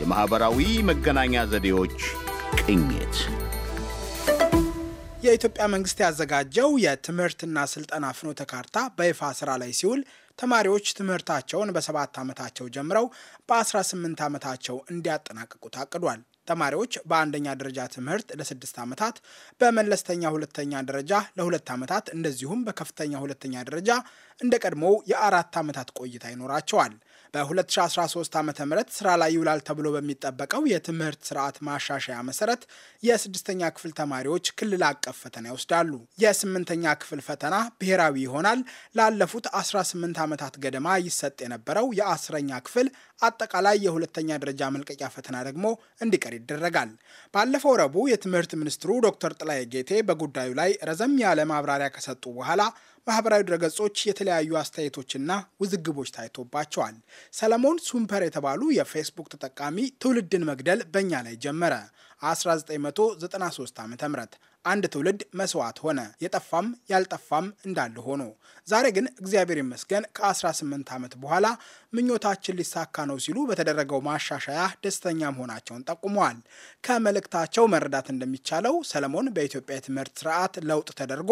የማኅበራዊ መገናኛ ዘዴዎች ቅኝት የኢትዮጵያ መንግስት ያዘጋጀው የትምህርትና ስልጠና ፍኖተ ካርታ በይፋ ስራ ላይ ሲውል ተማሪዎች ትምህርታቸውን በሰባት ዓመታቸው ጀምረው በ18 ዓመታቸው እንዲያጠናቅቁ ታቅዷል። ተማሪዎች በአንደኛ ደረጃ ትምህርት ለስድስት ዓመታት በመለስተኛ ሁለተኛ ደረጃ ለሁለት ዓመታት እንደዚሁም በከፍተኛ ሁለተኛ ደረጃ እንደ ቀድሞው የአራት ዓመታት ቆይታ ይኖራቸዋል። በ2013 ዓ ም ስራ ላይ ይውላል ተብሎ በሚጠበቀው የትምህርት ስርዓት ማሻሻያ መሰረት የስድስተኛ ክፍል ተማሪዎች ክልል አቀፍ ፈተና ይወስዳሉ። የስምንተኛ ክፍል ፈተና ብሔራዊ ይሆናል። ላለፉት 18 ዓመታት ገደማ ይሰጥ የነበረው የአስረኛ ክፍል አጠቃላይ የሁለተኛ ደረጃ መልቀቂያ ፈተና ደግሞ እንዲቀር ይደረጋል። ባለፈው ረቡዕ የትምህርት ሚኒስትሩ ዶክተር ጥላዬ ጌቴ በጉዳዩ ላይ ረዘም ያለ ማብራሪያ ከሰጡ በኋላ ማህበራዊ ድረገጾች የተለያዩ አስተያየቶችና ውዝግቦች ታይቶባቸዋል። ሰለሞን ሱምፐር የተባሉ የፌስቡክ ተጠቃሚ ትውልድን መግደል በእኛ ላይ ጀመረ 1993 ዓ ም አንድ ትውልድ መስዋዕት ሆነ። የጠፋም ያልጠፋም እንዳለ ሆኖ ዛሬ ግን እግዚአብሔር ይመስገን ከ18 ዓመት በኋላ ምኞታችን ሊሳካ ነው ሲሉ በተደረገው ማሻሻያ ደስተኛ መሆናቸውን ጠቁመዋል። ከመልእክታቸው መረዳት እንደሚቻለው ሰለሞን በኢትዮጵያ የትምህርት ስርዓት ለውጥ ተደርጎ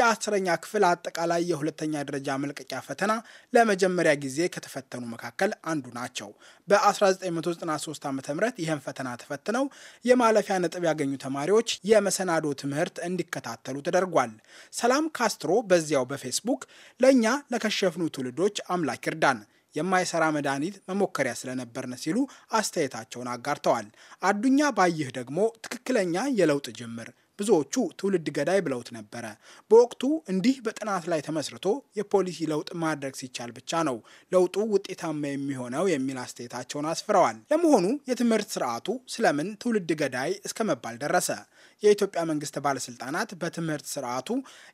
የአስረኛ ክፍል አጠቃላይ የሁለተኛ ደረጃ መልቀቂያ ፈተና ለመጀመሪያ ጊዜ ከተፈተኑ መካከል አንዱ ናቸው። በ1993 ዓ ም ይህን ፈተና ተፈትነው የማለፊያ ነጥብ ያገኙ ተማሪዎች የመሰናዶ ትምህርት ትምህርት እንዲከታተሉ ተደርጓል። ሰላም ካስትሮ በዚያው በፌስቡክ ለእኛ ለከሸፍኑ ትውልዶች አምላክ ይርዳን የማይሰራ መድኃኒት መሞከሪያ ስለነበርን ሲሉ አስተያየታቸውን አጋርተዋል። አዱኛ ባይህ ደግሞ ትክክለኛ የለውጥ ጅምር ብዙዎቹ ትውልድ ገዳይ ብለውት ነበረ። በወቅቱ እንዲህ በጥናት ላይ ተመስርቶ የፖሊሲ ለውጥ ማድረግ ሲቻል ብቻ ነው ለውጡ ውጤታማ የሚሆነው የሚል አስተያየታቸውን አስፍረዋል። ለመሆኑ የትምህርት ስርዓቱ ስለምን ትውልድ ገዳይ እስከ መባል ደረሰ? የኢትዮጵያ መንግስት ባለስልጣናት በትምህርት ስርዓቱ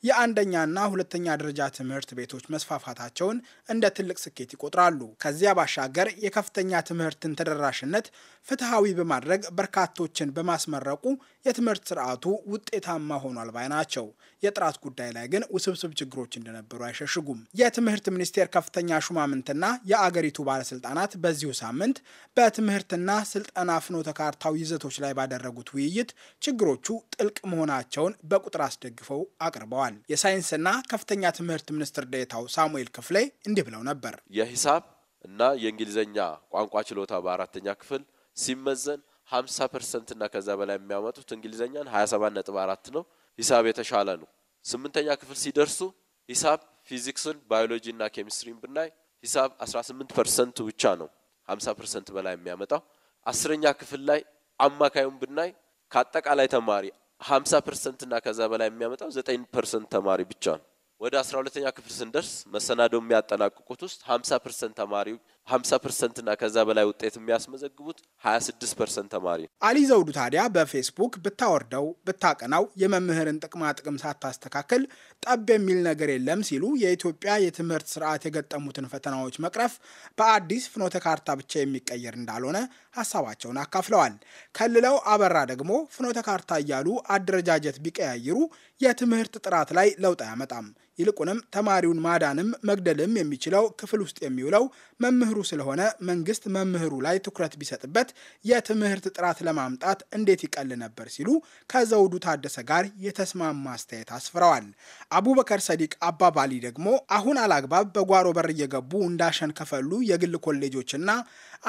የአንደኛና ሁለተኛ ደረጃ ትምህርት ቤቶች መስፋፋታቸውን እንደ ትልቅ ስኬት ይቆጥራሉ። ከዚያ ባሻገር የከፍተኛ ትምህርትን ተደራሽነት ፍትሐዊ በማድረግ በርካቶችን በማስመረቁ የትምህርት ስርዓቱ ውጤታማ ሆኗል ባይ ናቸው። የጥራት ጉዳይ ላይ ግን ውስብስብ ችግሮች እንደነበሩ አይሸሽጉም። የትምህርት ሚኒስቴር ከፍተኛ ሹማምንትና የአገሪቱ ባለስልጣናት በዚሁ ሳምንት በትምህርትና ስልጠና ፍኖተ ካርታው ይዘቶች ላይ ባደረጉት ውይይት ችግሮቹ ጥልቅ መሆናቸውን በቁጥር አስደግፈው አቅርበዋል። የሳይንስና ከፍተኛ ትምህርት ሚኒስትር ዴታው ሳሙኤል ክፍሌ እንዲህ ብለው ነበር። የሂሳብ እና የእንግሊዝኛ ቋንቋ ችሎታ በአራተኛ ክፍል ሲመዘን 50 ፐርሰንት እና ከዛ በላይ የሚያመጡት እንግሊዝኛን 27 ነጥብ አራት ነው። ሂሳብ የተሻለ ነው። ስምንተኛ ክፍል ሲደርሱ ሂሳብ፣ ፊዚክስን፣ ባዮሎጂ እና ኬሚስትሪን ብናይ ሂሳብ 18 ፐርሰንት ብቻ ነው 50 ፐርሰንት በላይ የሚያመጣው። አስረኛ ክፍል ላይ አማካዩን ብናይ ከአጠቃላይ ተማሪ 50 ፐርሰንት እና ከዛ በላይ የሚያመጣው 9 ፐርሰንት ተማሪ ብቻ ነው። ወደ 12ኛ ክፍል ስንደርስ መሰናዶ የሚያጠናቅቁት ውስጥ 50 ፐርሰንት ተማሪ 50 ፐርሰንትና ከዛ በላይ ውጤት የሚያስመዘግቡት 26 ፐርሰንት ተማሪ ነው። አሊ ዘውዱ ታዲያ በፌስቡክ ብታወርደው ብታቀናው የመምህርን ጥቅማ ጥቅም ሳታስተካከል ጠብ የሚል ነገር የለም ሲሉ የኢትዮጵያ የትምህርት ስርዓት የገጠሙትን ፈተናዎች መቅረፍ በአዲስ ፍኖተ ካርታ ብቻ የሚቀየር እንዳልሆነ ሀሳባቸውን አካፍለዋል። ከልለው አበራ ደግሞ ፍኖተ ካርታ እያሉ አደረጃጀት ቢቀያይሩ የትምህርት ጥራት ላይ ለውጥ አያመጣም ይልቁንም ተማሪውን ማዳንም መግደልም የሚችለው ክፍል ውስጥ የሚውለው መምህሩ ስለሆነ መንግስት መምህሩ ላይ ትኩረት ቢሰጥበት የትምህርት ጥራት ለማምጣት እንዴት ይቀል ነበር ሲሉ ከዘውዱ ታደሰ ጋር የተስማማ አስተያየት አስፍረዋል። አቡበከር ሰዲቅ አባባሊ ደግሞ አሁን አላግባብ በጓሮ በር እየገቡ ከፈሉ የግል ኮሌጆችና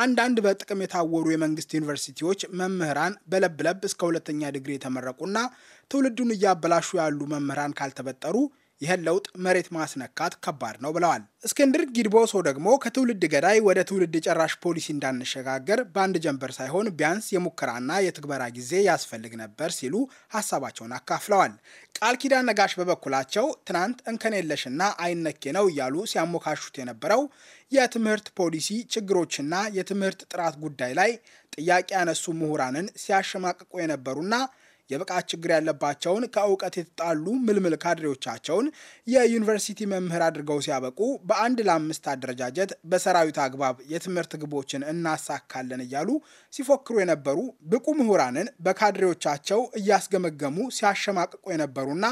አንዳንድ በጥቅም የታወሩ የመንግስት ዩኒቨርሲቲዎች መምህራን በለብለብ እስከ ሁለተኛ ዲግሪ የተመረቁና ትውልዱን እያበላሹ ያሉ መምህራን ካልተበጠሩ ይህን ለውጥ መሬት ማስነካት ከባድ ነው ብለዋል። እስክንድር ጊድቦሶ ደግሞ ከትውልድ ገዳይ ወደ ትውልድ ጨራሽ ፖሊሲ እንዳንሸጋገር በአንድ ጀንበር ሳይሆን ቢያንስ የሙከራና የትግበራ ጊዜ ያስፈልግ ነበር ሲሉ ሀሳባቸውን አካፍለዋል። ቃል ኪዳን ነጋሽ በበኩላቸው ትናንት እንከን የለሽና አይነኬ ነው እያሉ ሲያሞካሹት የነበረው የትምህርት ፖሊሲ ችግሮችና የትምህርት ጥራት ጉዳይ ላይ ጥያቄ ያነሱ ምሁራንን ሲያሸማቅቁ የነበሩና የብቃት ችግር ያለባቸውን ከእውቀት የተጣሉ ምልምል ካድሬዎቻቸውን የዩኒቨርሲቲ መምህር አድርገው ሲያበቁ በአንድ ለአምስት አደረጃጀት በሰራዊት አግባብ የትምህርት ግቦችን እናሳካለን እያሉ ሲፎክሩ የነበሩ ብቁ ምሁራንን በካድሬዎቻቸው እያስገመገሙ ሲያሸማቅቁ የነበሩና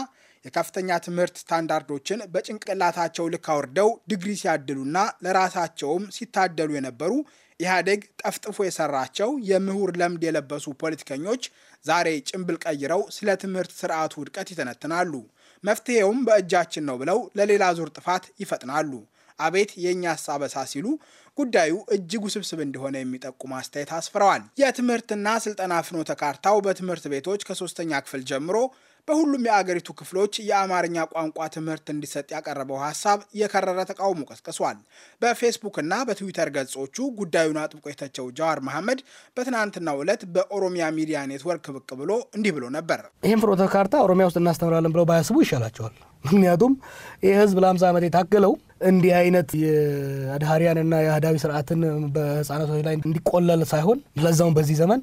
የከፍተኛ ትምህርት ስታንዳርዶችን በጭንቅላታቸው ልክ አውርደው ሲያድሉና ለራሳቸውም ሲታደሉ የነበሩ ኢህአዴግ ጠፍጥፎ የሰራቸው የምሁር ለምድ የለበሱ ፖለቲከኞች ዛሬ ጭንብል ቀይረው ስለ ትምህርት ስርዓቱ ውድቀት ይተነትናሉ። መፍትሄውም በእጃችን ነው ብለው ለሌላ ዙር ጥፋት ይፈጥናሉ። አቤት የእኛ አሳበሳ ሲሉ ጉዳዩ እጅግ ውስብስብ እንደሆነ የሚጠቁም አስተያየት አስፍረዋል። የትምህርትና ስልጠና ፍኖተ ካርታው በትምህርት ቤቶች ከሶስተኛ ክፍል ጀምሮ በሁሉም የአገሪቱ ክፍሎች የአማርኛ ቋንቋ ትምህርት እንዲሰጥ ያቀረበው ሀሳብ የከረረ ተቃውሞ ቀስቅሷል። በፌስቡክና በትዊተር ገጾቹ ጉዳዩን አጥብቆ የተቸው ጃዋር መሐመድ በትናንትናው ዕለት በኦሮሚያ ሚዲያ ኔትወርክ ብቅ ብሎ እንዲህ ብሎ ነበር። ይህም ፍኖተ ካርታ ኦሮሚያ ውስጥ እናስተምራለን ብለው ባያስቡ ይሻላቸዋል። ምክንያቱም ይህ ህዝብ ለአምሳ ዓመት የታገለው እንዲህ አይነት የአድሃሪያንና የአህዳዊ ስርዓትን በህፃናቶች ላይ እንዲቆለል ሳይሆን ለዛውን በዚህ ዘመን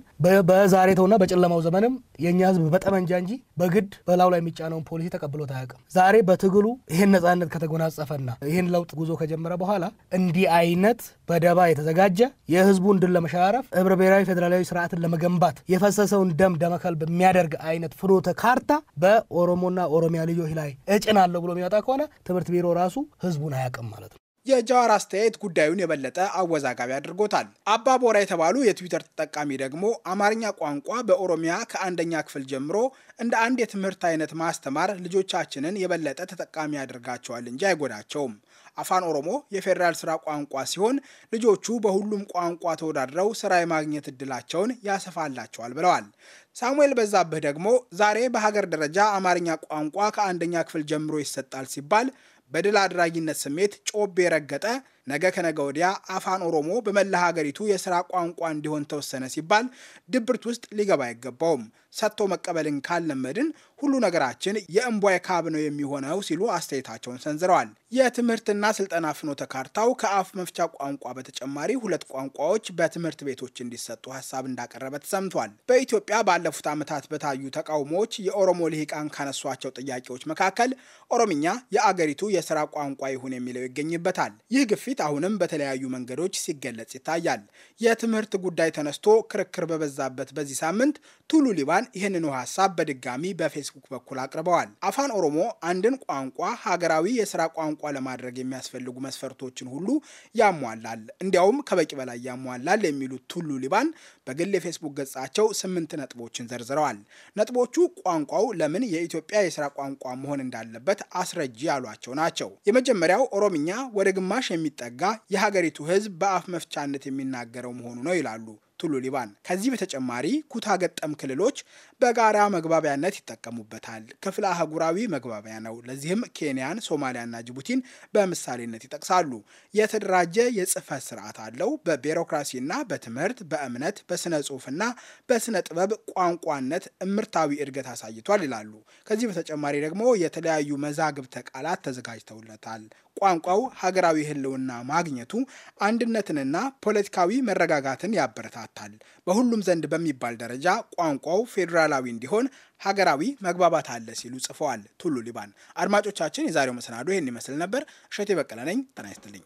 በዛሬ ተውና በጨለማው ዘመንም የእኛ ህዝብ በጠመንጃ እንጂ በግድ በላው ላይ የሚጫነውን ፖሊሲ ተቀብሎት አያውቅም። ዛሬ በትግሉ ይህን ነጻነት ከተጎናጸፈና ይህን ለውጥ ጉዞ ከጀመረ በኋላ እንዲህ አይነት በደባ የተዘጋጀ የህዝቡን ድል ለመሸራረፍ ህብረ ብሔራዊ ፌዴራላዊ ስርዓትን ለመገንባት የፈሰሰውን ደም ደመከል በሚያደርግ አይነት ፍኖተ ካርታ በኦሮሞና ኦሮሚያ ልጆች ላይ እጭናለሁ ብሎ የሚወጣ ከሆነ ትምህርት ቢሮ ራሱ ህዝቡን አያ አያውቅም ማለት ነው። የጃዋር አስተያየት ጉዳዩን የበለጠ አወዛጋቢ አድርጎታል። አባ ቦራ የተባሉ የትዊተር ተጠቃሚ ደግሞ አማርኛ ቋንቋ በኦሮሚያ ከአንደኛ ክፍል ጀምሮ እንደ አንድ የትምህርት አይነት ማስተማር ልጆቻችንን የበለጠ ተጠቃሚ ያደርጋቸዋል እንጂ አይጎዳቸውም። አፋን ኦሮሞ የፌዴራል ስራ ቋንቋ ሲሆን ልጆቹ በሁሉም ቋንቋ ተወዳድረው ስራ የማግኘት እድላቸውን ያሰፋላቸዋል ብለዋል። ሳሙኤል በዛብህ ደግሞ ዛሬ በሀገር ደረጃ አማርኛ ቋንቋ ከአንደኛ ክፍል ጀምሮ ይሰጣል ሲባል በድል አድራጊነት ስሜት ጮቤ የረገጠ ነገ ከነገ ወዲያ አፋን ኦሮሞ በመላ ሀገሪቱ የስራ ቋንቋ እንዲሆን ተወሰነ ሲባል ድብርት ውስጥ ሊገባ አይገባውም። ሰጥቶ መቀበልን ካልለመድን ሁሉ ነገራችን የእንቧይ ካብ ነው የሚሆነው ሲሉ አስተያየታቸውን ሰንዝረዋል። የትምህርትና ስልጠና ፍኖተ ካርታው ከአፍ መፍቻ ቋንቋ በተጨማሪ ሁለት ቋንቋዎች በትምህርት ቤቶች እንዲሰጡ ሀሳብ እንዳቀረበ ተሰምቷል። በኢትዮጵያ ባለፉት ዓመታት በታዩ ተቃውሞዎች የኦሮሞ ልሂቃን ካነሷቸው ጥያቄዎች መካከል ኦሮምኛ የአገሪቱ የስራ ቋንቋ ይሁን የሚለው ይገኝበታል። ይህ ግፊት በፊት አሁንም በተለያዩ መንገዶች ሲገለጽ ይታያል። የትምህርት ጉዳይ ተነስቶ ክርክር በበዛበት በዚህ ሳምንት ቱሉ ሊባን ይህንኑ ሀሳብ በድጋሚ በፌስቡክ በኩል አቅርበዋል። አፋን ኦሮሞ አንድን ቋንቋ ሀገራዊ የስራ ቋንቋ ለማድረግ የሚያስፈልጉ መስፈርቶችን ሁሉ ያሟላል፣ እንዲያውም ከበቂ በላይ ያሟላል የሚሉት ቱሉ ሊባን በግል የፌስቡክ ገጻቸው ስምንት ነጥቦችን ዘርዝረዋል። ነጥቦቹ ቋንቋው ለምን የኢትዮጵያ የስራ ቋንቋ መሆን እንዳለበት አስረጂ ያሏቸው ናቸው። የመጀመሪያው ኦሮምኛ ወደ ግማሽ የሚጠ ጸጋ የሀገሪቱ ህዝብ በአፍ መፍቻነት የሚናገረው መሆኑ ነው ይላሉ ቱሉ ሊባን። ከዚህ በተጨማሪ ኩታ ገጠም ክልሎች በጋራ መግባቢያነት ይጠቀሙበታል። ክፍለ አህጉራዊ መግባቢያ ነው። ለዚህም ኬንያን፣ ሶማሊያና ጅቡቲን በምሳሌነት ይጠቅሳሉ። የተደራጀ የጽህፈት ስርዓት አለው። በቢሮክራሲና በትምህርት፣ በእምነት፣ በስነ ጽሁፍና በስነ ጥበብ ቋንቋነት እምርታዊ እድገት አሳይቷል ይላሉ። ከዚህ በተጨማሪ ደግሞ የተለያዩ መዛግብተ ቃላት ተዘጋጅተውለታል። ቋንቋው ሀገራዊ ህልውና ማግኘቱ አንድነትንና ፖለቲካዊ መረጋጋትን ያበረታታል። በሁሉም ዘንድ በሚባል ደረጃ ቋንቋው ፌዴራላዊ እንዲሆን ሀገራዊ መግባባት አለ ሲሉ ጽፈዋል ቱሉ ሊባን። አድማጮቻችን፣ የዛሬው መሰናዶ ይህን ይመስል ነበር። እሸቴ በቀለ ነኝ። ጤና ይስጥልኝ።